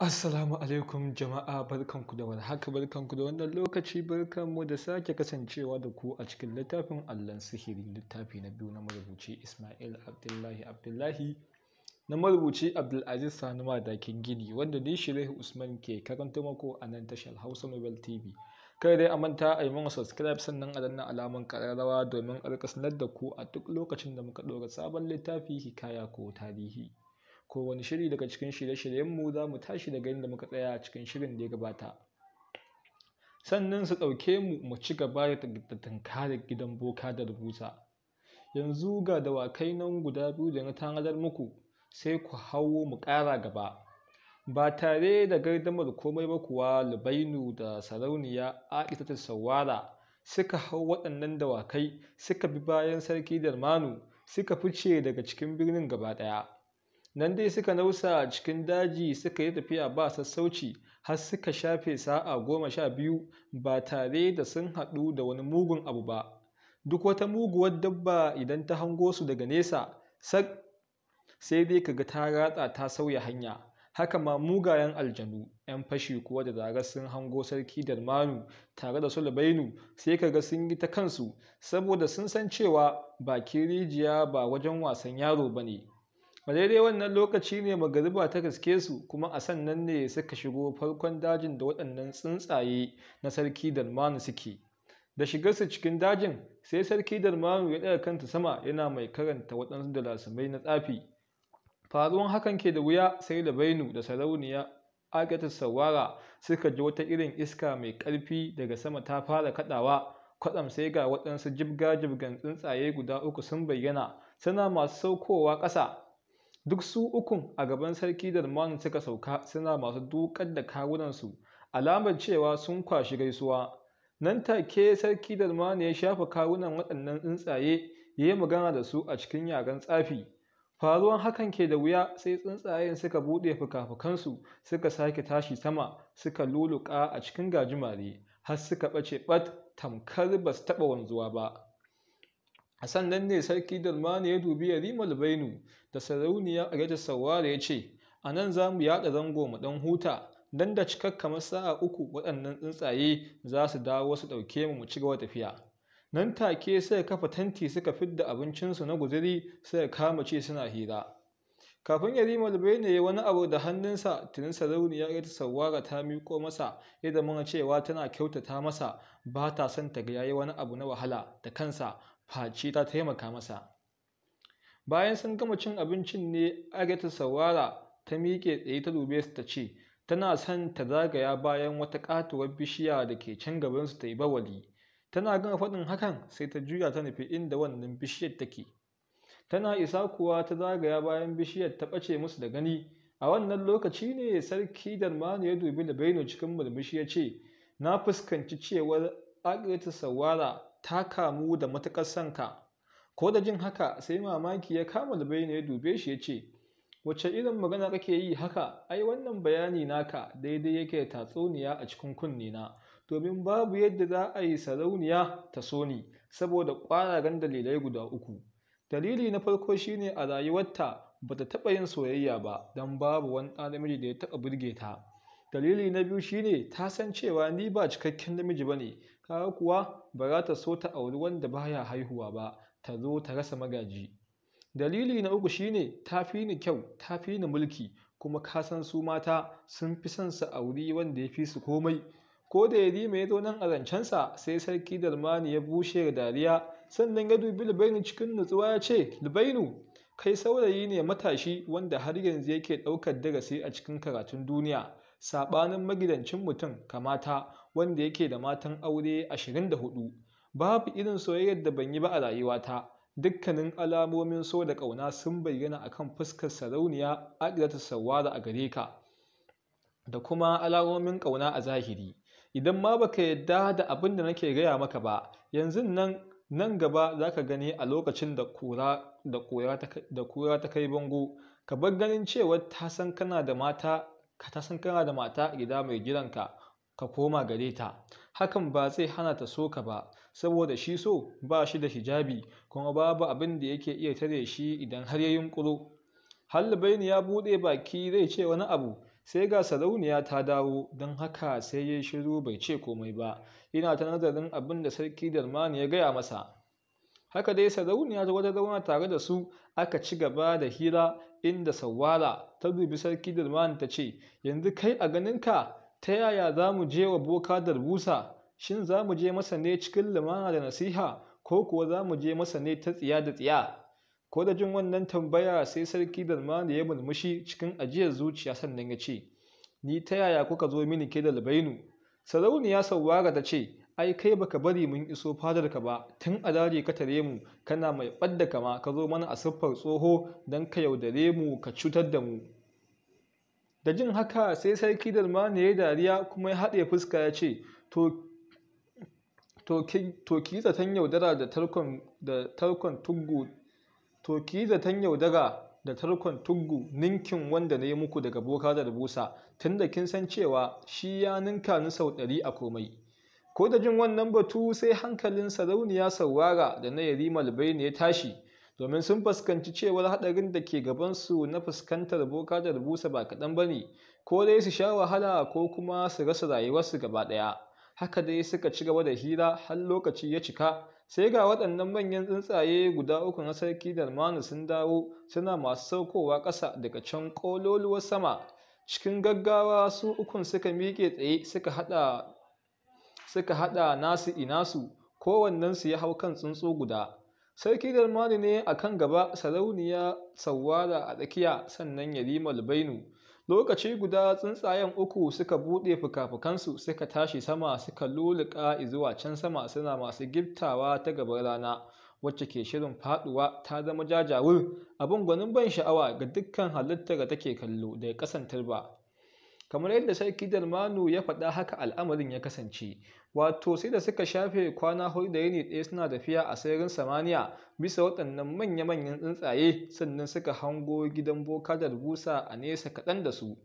Assalamu alaikum jama'a barkanku da warhaka barkanku da wannan lokaci barkanmu da sake kasancewa da ku a cikin littafin Allahn sihiri littafi na biyu na marubuci Ismail Abdullahi Abdullahi na marubuci Abdulaziz Sani Madakin Gini wanda ni Shirehu Usman ke karanta mako a nan tashar Hausa Nobel TV. Kai dai a manta a yi mana subscribe sannan a danna alaman kararrawa domin a sanar da ku a duk lokacin da muka ɗora sabon littafi hikaya ko tarihi. ko wani shiri daga cikin shirye-shiryenmu za mu tashi daga inda muka tsaya a cikin shirin da ya gabata sannan su ɗauke mu mu ci gaba da tunkarar gidan boka da rubuta yanzu ga dawakai nan guda biyu da na tanadar muku sai ku hawo mu ƙara gaba ba tare da gardamar komai ba kuwa lubainu da sarauniya aisha ta sawara suka hau waɗannan dawakai suka bi bayan sarki darmanu suka fice daga cikin birnin gaba ɗaya nan dai suka nausa cikin daji suka yi tafiya ba sassauci har suka shafe sa'a goma sha biyu ba tare da sun haɗu da wani mugun abu ba duk wata muguwar dabba idan ta hango su daga nesa sai dai kaga ta ratsa ta sauya hanya haka ma mugayen aljanu 'yan fashi kuwa da zarar sun hango sarki darmanu tare da sulabainu sai kaga sun yi ta kansu saboda sun san cewa bakin rijiya ba wajen wasan yaro ba ne a daidai wannan lokaci ne magariba ta gaske su kuma a sannan ne suka shigo farkon dajin da waɗannan tsuntsaye na sarki dalmanu suke da shigarsu cikin dajin sai sarki dalmanu ya ɗaga kanta sama yana mai karanta waɗansu lasumai na tsafi faruwan hakan ke da wuya sai da bainu da sarauniya agatar sawara suka ji wata irin iska mai ƙarfi daga sama ta fara kaɗawa kwaɗam sai ga waɗansu jibga jibgan tsuntsaye guda uku sun bayyana suna masu saukowa ƙasa duk su ukun a gaban sarki da Darman suka sauka suna masu dukar da kawunansu alamar cewa sun kwashi gaisuwa nan take sarki da Darman ya shafa kawunan waɗannan tsuntsaye ya yi magana da su a cikin yaren tsafi faruwan hakan ke da wuya sai tsuntsayen suka buɗe fuka suka sake tashi sama suka luluka a cikin gajimare har suka ɓace ɓat tamkar ba su taɓa wanzuwa ba A sannan ne sarki dalmani ya dubi yarimal bainu da sarauniya a sawara ya ce a nan za mu yaɗa zango mu ɗan huta don da cikar kamar sa'a uku waɗannan tsuntsaye za su dawo su ɗauke mu mu ci gaba tafiya nan take sai kafa tanti suka fidda abincinsu na guziri sai kama ce suna hira kafin ya rima albainu ya wani abu da hannunsa tunin sarauniya ya ta ta miƙo masa ya zama cewa tana kyautata masa ba ta son ta ga yayi wani abu na wahala da kansa face ta taimaka masa bayan sun gama cin abincin ne agata sawara ta miƙe tsaye ta dube su ta ce tana son ta zagaya bayan wata ƙatuwar bishiya da ke can gabansu ta yi bawali tana gama faɗin hakan sai ta juya ta nufi inda wannan bishiyar take tana isa kuwa ta zagaya bayan bishiyar ta ɓace musu da gani a wannan lokaci ne sarki darmanu ya dubi labaino cikin murmushi ya ce na fuskanci cewar agata sawara ta kamu da matuƙar sanka. ko da jin haka sai mamaki ya kama lubaina ya dube shi ya ce wacce irin magana kake yi haka ai wannan bayani naka daidai yake tatsuniya a cikin kunne na domin babu yadda za a yi sarauniya ta soni saboda ƙwararren dalilai guda uku dalili na farko shine a rayuwarta ba ta taɓa yin soyayya ba don babu wani ɗan namiji da ya taɓa burge ta dalili na biyu shine ta san cewa ni ba cikakken namiji ba ne. kaga kuwa ba za ta so ta auri wanda baya haihuwa ba ta zo ta rasa magaji dalili na uku shine "Tafi ni kyau ta fi ni mulki kuma ka san su mata sun fi son su auri wanda ya fi su komai ko da ya yari mai zo nan a zancensa sai sarki dalmani ya bushe da dariya sannan ya dubi lubainu cikin nutsuwa ya ce lubainu kai saurayi ne matashi wanda har yanzu yake ɗaukar darasi a cikin karatun duniya saɓanin magidancin mutum kamata wanda yake da matan aure ashirin da 24 babu irin soyayyar da ban yi ba a rayuwata dukkanin alamomin so da ƙauna sun bayyana kan fuskar sarauniya ta sawara a gare ka da kuma alamomin ƙauna a zahiri idan ma baka yadda da abin da nake gaya maka ba yanzu nan nan gaba za ka gani a lokacin da kura ta kai bango ka bar ganin cewa ta san kana da mata a gida mai gidanka ka koma gare ta hakan ba zai hana ta so ka ba saboda shi so ba shi da hijabi kuma babu abin da yake iya tare shi idan har ya yunƙuro hallibaini ya bude baki zai ce wani abu sai ga sarauniya ta dawo don haka sai ya shiru bai ce komai ba Ina ta nazarin abin da sarki darmani ya gaya masa haka dai sarauniya ta wata zauna tare da su aka ci gaba da hira inda sawara ta dubi sarki darmani ta ce yanzu kai a ganinka ta yaya za mu je wa boka da shin za mu je masa ne cikin lumana da nasiha ko kuwa za mu je masa ne ta tsiya da tsiya ko da jin wannan tambaya sai sarki lumana ya mulmushi cikin ajiyar zuciya sannan ya ce ni ta yaya kuka zo mini ke da labainu sarauniya sauwara ta ce ai kai baka bari mun iso fadarka ba tun a dare ka tare mu kana mai ɓadda kama ka zo mana a siffar tsoho don ka yaudare mu ka cutar da mu da jin haka sai sarki dalmani ya yi dariya kuma ya haɗe fuska ya ce to ki zaton yaudara da tarkon tuggu to ki zaton yaudara da tarkon tuggu ninkin wanda na yi muku daga boka da busa tunda kin san cewa shi ya ninka ni sau ɗari a komai ko da jin wannan batu sai hankalin sarauniya saurara da na yari malbai ne ya tashi domin sun fuskanci cewar haɗarin da ke gabansu na fuskantar boka da rubusa ba kaɗan ba ne ko dai su sha wahala ko kuma su rasa rayuwarsu gaba ɗaya haka dai suka ci gaba da hira har lokaci ya cika sai ga waɗannan manyan tsuntsaye guda uku na sarki manu sun dawo suna masu saukowa ƙasa daga can ƙololuwar sama cikin gaggawa su ukun suka miƙe tsaye suka haɗa suka haɗa nasu inasu kowannensu ya hau kan tsuntsu guda sarki almani ne a kan gaba sarauniya tsawara a tsakiya sannan yarima bainu lokaci guda tsuntsayen uku suka buɗe fuka-fukansu suka tashi sama suka luluka zuwa can sama suna masu giftawa ta gabar rana wacce ke shirin faduwa ta zama jajawur abin gwanin ban sha'awa ga dukkan halittar da take kallo da ya kasantar ba. kamar yadda sarki dalmanu ya faɗa haka al'amarin ya kasance wato sai da suka shafe kwana hudu da yini ɗaya suna tafiya a sararin samaniya bisa waɗannan manya-manyan tsuntsaye sannan suka hango gidan boka da rubusa a nesa kaɗan da su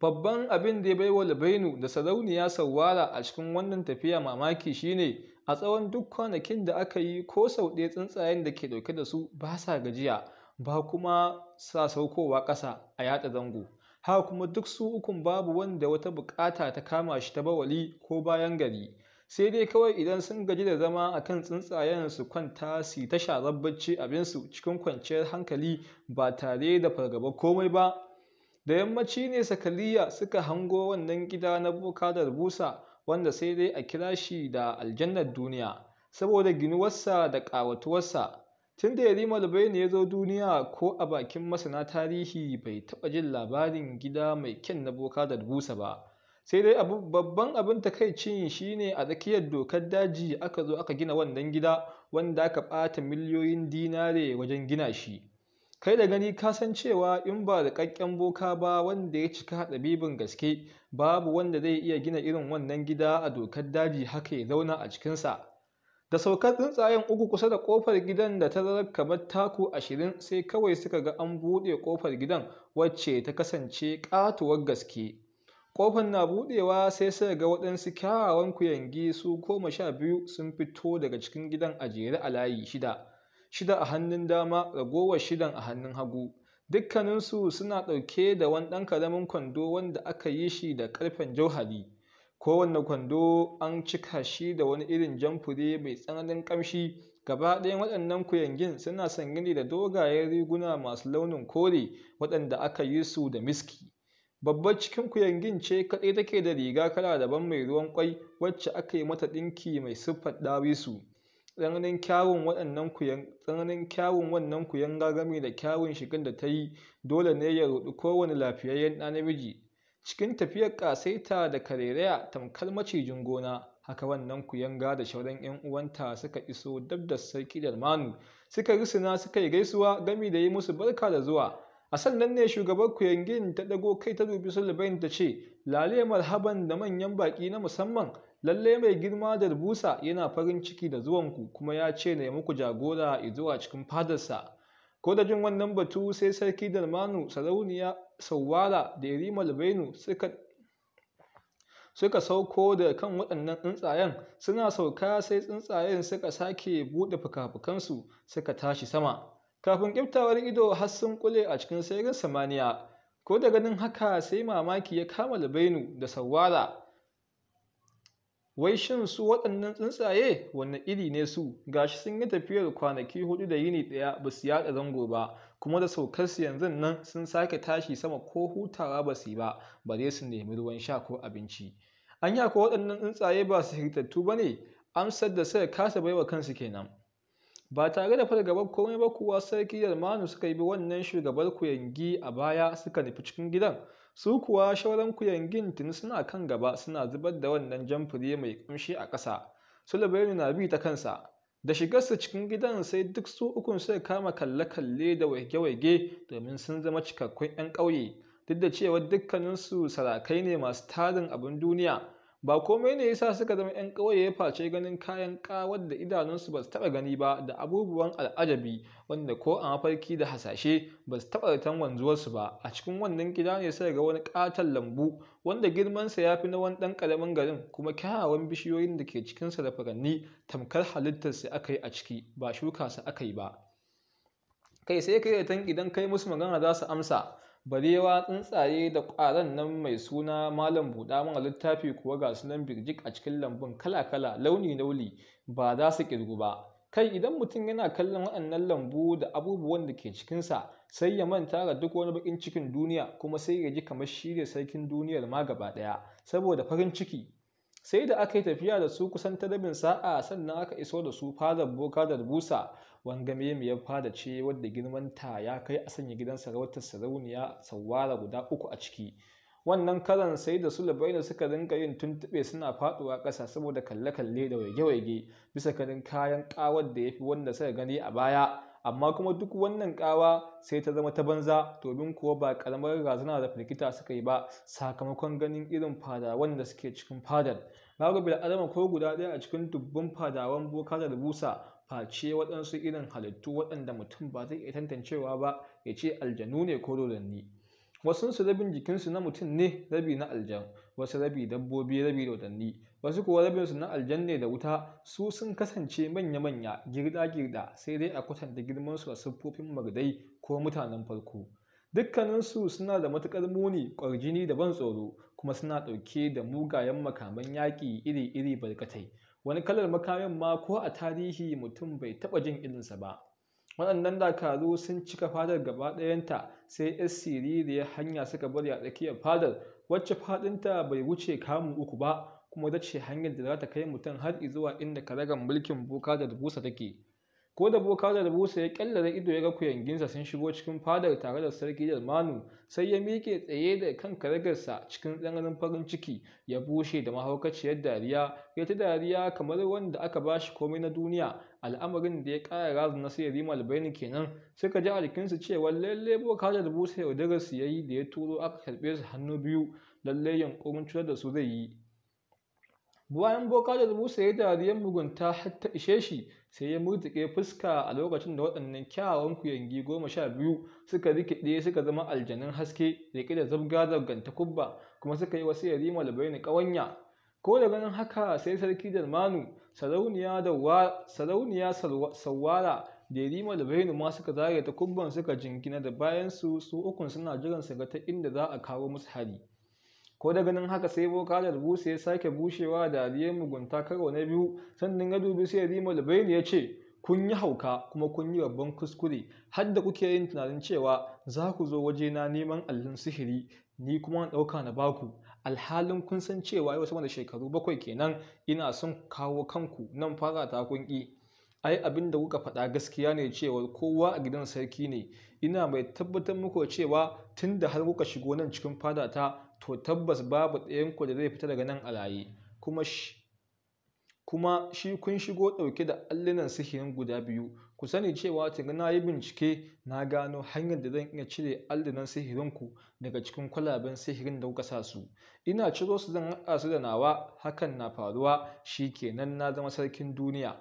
babban abin da ya baiwa labainu da sarauniya sauwara a cikin wannan tafiya mamaki shine a tsawon duk kwanakin da aka yi ko sau ɗaya tsuntsayen da ke ɗauke da su ba sa gajiya ba kuma sa saukowa ƙasa a yaɗa zango ha kuma duk su ukun babu wanda wata bukata ta kama shi ta bawali ko bayan gari sai dai kawai idan sun gaji da zama a kan tsuntsayen su kwanta su ta sharar bacci abinsu cikin kwanciyar hankali ba tare da fargaba komai ba da yammaci ne sakaliya suka hango wannan gida na bukatar busa wanda sai dai a kira shi da aljannar duniya saboda ginuwarsa da ƙawatuwarsa Tun da Yarima Lubaini ya zo duniya ko a bakin masana tarihi bai taɓa jin labarin gida mai kyan na boka da dubusa ba. Sai dai babban abin takaicin shi ne a tsakiyar dokar daji aka zo aka gina wannan gida wanda aka ɓata miliyoyin dinare wajen gina shi. Kai da gani ka san cewa in ba da ƙaƙƙen boka ba wanda ya cika ɗabibin gaske babu wanda zai iya gina irin wannan gida a dokar daji haka ya zauna a cikinsa. da saukar tsuntsayen uku kusa da ƙofar gidan da ta zarar kamar taku ashirin sai kawai suka ga an buɗe kofar gidan wacce ta kasance ƙatuwar gaske ƙofar na buɗewa sai suka ga waɗansu kyawawan kuyangi su koma sha biyu sun fito daga cikin gidan a jere a layi shida shida a hannun dama ragowar shidan a hannun hagu dukkaninsu suna ɗauke da wani ɗan ƙaramin kwando wanda aka yi shi da ƙarfen jauhari kowane kwando an cika shi da wani irin jamfure mai tsananin ƙamshi gaba ɗayan waɗannan kuyangin suna sanye ne da dogayen riguna masu launin kore waɗanda aka yi su da miski babbar cikin kuyangin ce kaɗai take da riga kala daban mai ruwan ƙwai wacce aka yi mata ɗinki mai siffar ɗawisu tsananin kyawun waɗannan kuyan tsananin kyawun wannan kuyan gagami da kyawun shigar da ta yi dole ne ya ruɗu kowane lafiyayyen ɗa namiji cikin tafiyar ƙasaita da karairaya tamkar macijin gona haka wannan kuyanga da shauran 'yan uwanta suka iso dab da sarki manu suka risina suka yi gaisuwa gami da yi musu barka da zuwa a sannan ne shugabar kuyangin ta dago kai ta dubi sulbain ta ce lale marhaban da manyan baƙi na musamman lalle mai girma da rubusa yana farin ciki da zuwanku kuma ya ce na muku jagora zuwa cikin fadarsa ko da jin wannan batu sai sarki dalmanu sarauniya sauwara da yarima labainu suka sauko da kan waɗannan tsuntsayen suna sauka sai tsuntsayen suka sake buɗe fuka suka tashi sama kafin ƙiftawar ido har sun kule a cikin sairin samaniya ko da ganin haka sai mamaki ya kama labainu da sawara wai shin su waɗannan tsuntsaye wanne iri ne su gashi sun yi tafiyar kwanaki hudu da yini ɗaya ba su yaɗa zango ba kuma da saukar su yanzu nan sun sake tashi sama ko hutawa ba su yi ba ba bare su nemi ruwan sha ko abinci an yi ko waɗannan tsuntsaye ba su hirtattu ba ne amsar da sai kasa baiwa kansu kenan ba tare da fargabar komai ba kuwa sarki da suka yi bi wannan shugabar kuyangi a baya suka nufi cikin gidan su kuwa shauran yankin tuni suna kan gaba suna zubar da wannan jan jamfure mai kamshi a ƙasa sulabainu na bi ta kansa da shigarsa cikin gidan sai duk su ukun suka kama kalle-kalle da waige-waige domin sun zama cikakkun 'yan ƙauye duk da cewa dukkaninsu sarakai ne masu tarin abin duniya ba komai ne yasa suka zama 'yan ƙauye face ganin kayan ƙawar da idanunsu ba su taɓa gani ba da abubuwan al'ajabi wanda ko a mafarki da hasashe ba su taɓa zaton wanzuwarsu ba a cikin wannan gida ne sai ga wani ƙaton lambu wanda girmansa ya fi na wani ɗan ƙaramin garin kuma kyawawan bishiyoyin da ke cikinsa da furanni tamkar halittarsa aka yi a ciki ba shuka su aka yi ba kai sai kai zaton idan kai musu magana za su amsa barewa tsuntsaye da ƙwaron nan mai suna malam buɗa mana littafi kuwa ga su nan birjik a cikin lambun kala-kala launi nauli ba za su ƙirgu ba kai idan mutum yana kallon waɗannan lambu da abubuwan da ke cikinsa sai ya manta da duk wani bakin cikin duniya kuma sai ya ji kamar shi sarkin duniyar ma gaba ɗaya saboda farin ciki sai da aka yi tafiya da su kusan ta rabin sa'a sannan aka iso da su fadar boka da busa wanga ya fada ce wadda girman ta ya kai a sanya gidan sarautar sarauniya sawara guda uku a ciki wannan karan sai da da suka rinka yin tuntuɓe suna faduwa ƙasa saboda kalle-kalle da waige-waige bisa kanin kayan kawar da ya fi wanda suka gani a baya amma kuma duk wannan ƙawa sai ta zama ta banza domin kuwa ba ƙaramar razana da firgita suka yi ba sakamakon ganin irin fadawan da suke cikin fadar babu adama ko guda ɗaya a cikin dubbin fadawan boka da busa face waɗansu irin halittu waɗanda mutum ba zai iya tantancewa ba ya ce aljanu ne ko dodanni wasunsu rabin jikinsu na mutum ne rabi na aljan wasu rabi dabbobi rabi dodanni wasu kuwa rabinsu na aljanna da wuta su sun kasance manya-manya girda-girda sai dai a kwatanta girmansu a siffofin mardai ko mutanen farko dukkaninsu suna da matuƙar muni ƙwarjini da ban tsoro kuma suna ɗauke da mugayen makaman yaƙi iri-iri barkatai wani kalar makamin ma ko a tarihi mutum bai taɓa jin irinsa ba waɗannan dakaru sun cika fadar gaba ɗayanta sai yan ya hanya suka bari a tsakiyar fadar wacce fadinta bai wuce kamun uku ba kuma ita ce hanyar da za ta kai mutum har zuwa inda karagar mulkin boka da dubusa take ko da boka da dubusa ya kyallara ido ya ga kuyanginsa sun shigo cikin fadar tare da sarki da sai ya miƙe tsaye da kan karagarsa cikin tsananin farin ciki ya bushe da mahaukaciyar dariya ya ta dariya kamar wanda aka bashi komai na duniya al'amarin da ya ƙara razu na sayari malbaini kenan suka ji alkinsu cewa lalle boka da rubusa yaudararsu ya yi da ya turo aka karɓe su hannu biyu lalle yankurin cutar da su zai yi Bayan boka da Musa ya dariyar mugunta har ta ishe shi, sai ya murtuƙe fuska a lokacin da waɗannan kyawawan kuyangi goma sha biyu suka rikide suka zama aljanun haske riƙe da zabga zabgan kubba kuma suka yi wasu yarima labarin ƙawanya. Ko da ganin haka sai sarki Dalmanu, sarauniya da sarauniya Sawara da yarima labainu ma suka zare ta kubban suka jingina da bayan su su ukun suna jiran su ga ta inda za a kawo musu hari. ko da ganin haka sai boka da busa ya sake bushewa da aliyar mugunta karo na biyu sannan ya dubi sai rima labaini ya ce kun yi hauka kuma kun yi babban kuskure har da kuke yin tunanin cewa za ku zo wajena neman allon sihiri ni kuma na ɗauka na baku alhalin kun san cewa yau sama da shekaru bakwai kenan ina son kawo kanku nan fara ta kun ai abin da kuka faɗa gaskiya ne cewa kowa a gidan sarki ne ina mai tabbatar muku cewa tun da har kuka shigo nan cikin fadata to tabbas babu ɗayan ɗayanku da zai fita daga nan a raye kuma shi kun shigo ɗauke da allinan sihirin guda biyu ku sani cewa ta na yi bincike na gano hanyar da zan iya cire allunan sihirinku daga cikin kwalaben sihirin da kuka sa su ina ciro su zan haɗa su da nawa hakan na faruwa shi kenan na zama sarkin duniya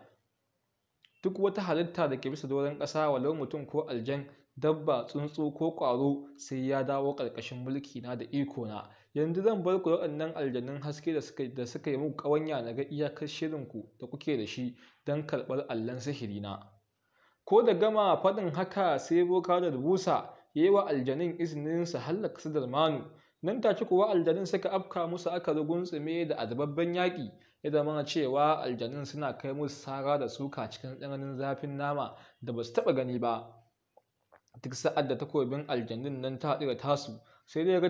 duk wata halitta da ke bisa doron ƙasa walau mutum ko aljan dabba tsuntsu ko ƙwaro sai ya dawo ƙarƙashin mulki na da iko na yanzu zan bar ku waɗannan aljanun haske da suka da suka yi muku ƙawanya na ga iyakar ku da kuke da shi don karɓar allon na. ko da gama faɗin haka sai boka da rubusa ya yi wa aljanin izinin su hallaka su darmanu nan take kuwa aljanin suka afka musu aka rugunsume da azababben yaƙi ya zama cewa aljanin suna kai musu sara da suka cikin tsananin zafin nama da ba su taɓa gani ba duk sa'ad da takobin aljanun nan ta haɗu da tasu sai dai ya ga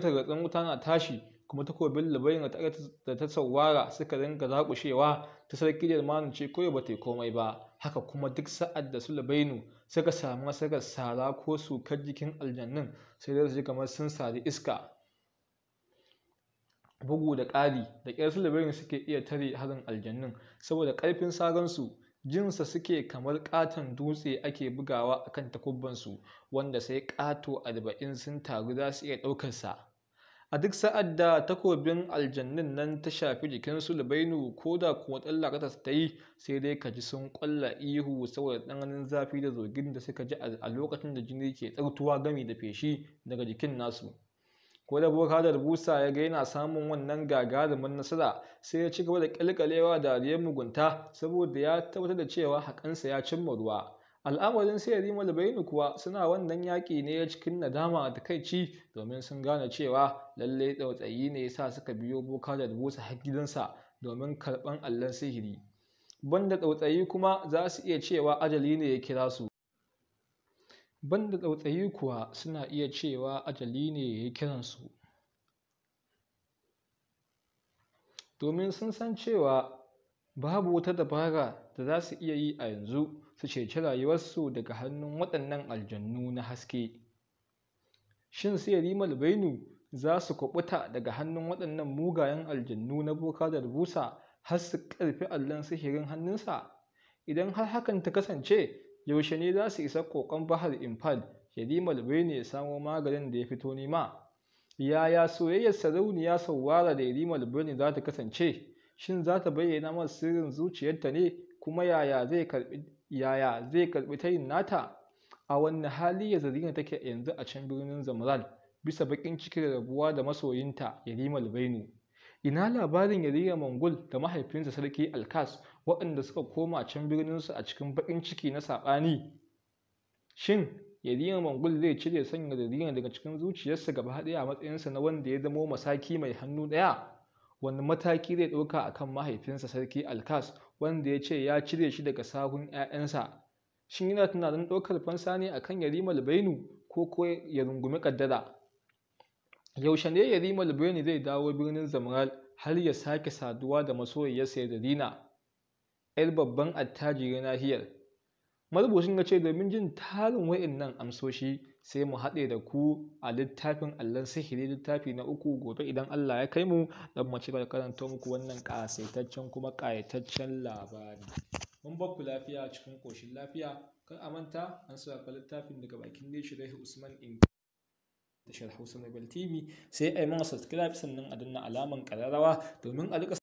targatsin wuta na tashi kuma takobin labarin da ta tsawara suka ringa zaƙushewa ta sarki jermanu ce koyo ba ta komai ba haka kuma duk sa'ad da su labainu suka samu nasarar sara ko sukar jikin aljannun sai dai su ji kamar sun sari iska bugu da ƙari da ƙyar su labarin suke iya tare harin aljanun, saboda ƙarfin saransu jinsa suke kamar katon dutse ake bugawa a kan takubbansu wanda sai ƙato arba'in sun taru za su iya ɗaukarsa a duk sa'ad da takobin aljannin nan ta shafi jikinsu sulbainu ko da kuwa tsallaka ta yi sai dai ka ji sun ƙwalla ihu saboda ɗanganin zafi da zogin da suka ji a lokacin da jini ke tsartuwa gami da feshi daga jikin nasu ko da bokadar busa ya ga yana samun wannan gagarumin nasara sai ya ci gaba da kalkalewa da dariyar mugunta saboda ya tabbatar da cewa haƙansa ya cimma ruwa al'amarin sai rima da bayinu kuwa suna wannan yaƙi ne ya cikin nadama a takaici, domin sun gane cewa lallai tsautsayi ne ya sa suka biyo bokadar busa har gidansa domin karɓan allon sihiri banda tsautsayi kuma za su iya cewa ajali ne ya kira su banda tsautsayi kuwa suna iya cewa ajali ne ya yi kiransu domin sun san cewa babu wata dabara da za su iya yi a yanzu su ceci rayuwarsu daga hannun waɗannan aljannu na haske shin sai rimal bainu za su kuɓuta daga hannun waɗannan mugayen aljannu na boka da rubusa har su ƙarfi allon sihirin hannunsa idan har hakan ta kasance yaushe ne za su isa kokon bahar infal yadimal ne ya samo maganin da ya fito nema yaya soyayyar sarauniya sauwara da yadimal ne za ta kasance shin za ta bayyana masa sirrin zuciyarta ne kuma yaya zai karbi ta yin nata a wanne hali ya zarina take yanzu a can birnin zamral bisa bakin cikin rabuwa da masoyinta yadimal bene ina labarin yadira mangul da mahaifinsa sarki alkas waɗanda suka koma can birninsu a cikin baƙin ciki na saɓani shin yadiyar mangul zai cire sanya yadiyar daga cikin zuciyarsa gaba ɗaya a matsayinsa na wanda ya zamo masaki mai hannu ɗaya wani mataki zai ɗauka a kan mahaifinsa sarki alkas wanda ya ce ya cire shi daga sahun 'ya'yansa shin yana tunanin ɗaukar fansa ne a kan yarimar bainu ko ko ya rungumi ƙaddara yaushe ne yarimar bainu zai dawo birnin zamral har ya sake saduwa da masoyiyarsa ya dina 'yar babban attajiri nahiyar marubucin ya ce domin jin tarin wa'innan amsoshi sai mu haɗe da ku a littafin allon sihiri littafi na uku gobe idan allah ya kai mu don mu ci karanta muku wannan ƙasaitaccen kuma ƙayataccen labari mun ba lafiya cikin ƙoshin lafiya kan a manta an sarrafa littafin daga bakin dai shirai usman in tashar hausa na tv sai a yi mana subscribe sannan a danna alamar ƙararrawa domin a